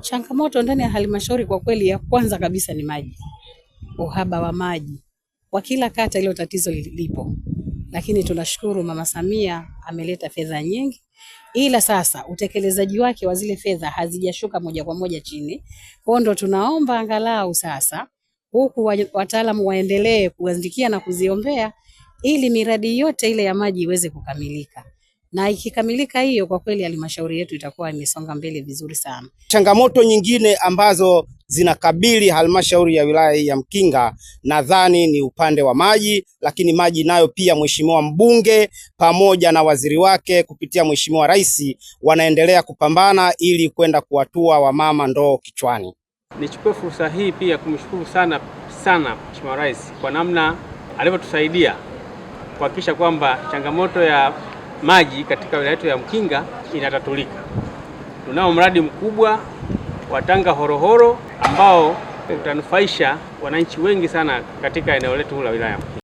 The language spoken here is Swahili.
Changamoto ndani ya halmashauri kwa kweli, ya kwanza kabisa ni maji, uhaba wa maji kwa kila kata, ilo tatizo lipo, lakini tunashukuru Mama Samia ameleta fedha nyingi, ila sasa utekelezaji wake wa zile fedha hazijashuka moja kwa moja chini. Kwa ndo tunaomba angalau sasa huku wataalamu waendelee kuandikia na kuziombea ili miradi yote ile ya maji iweze kukamilika na ikikamilika hiyo, kwa kweli halmashauri yetu itakuwa imesonga mbele vizuri sana. Changamoto nyingine ambazo zinakabili halmashauri ya wilaya ya Mkinga nadhani ni upande wa maji, lakini maji nayo pia mheshimiwa mbunge pamoja na waziri wake kupitia mheshimiwa rais wanaendelea kupambana ili kwenda kuwatua wamama ndoo kichwani. Nichukue fursa hii pia kumshukuru sana sana mheshimiwa rais kwa namna alivyotusaidia kuhakikisha kwamba changamoto ya maji katika wilaya yetu ya Mkinga inatatulika. Tunao mradi mkubwa wa Tanga Horohoro ambao utanufaisha wananchi wengi sana katika eneo letu la wilaya ya Mkinga.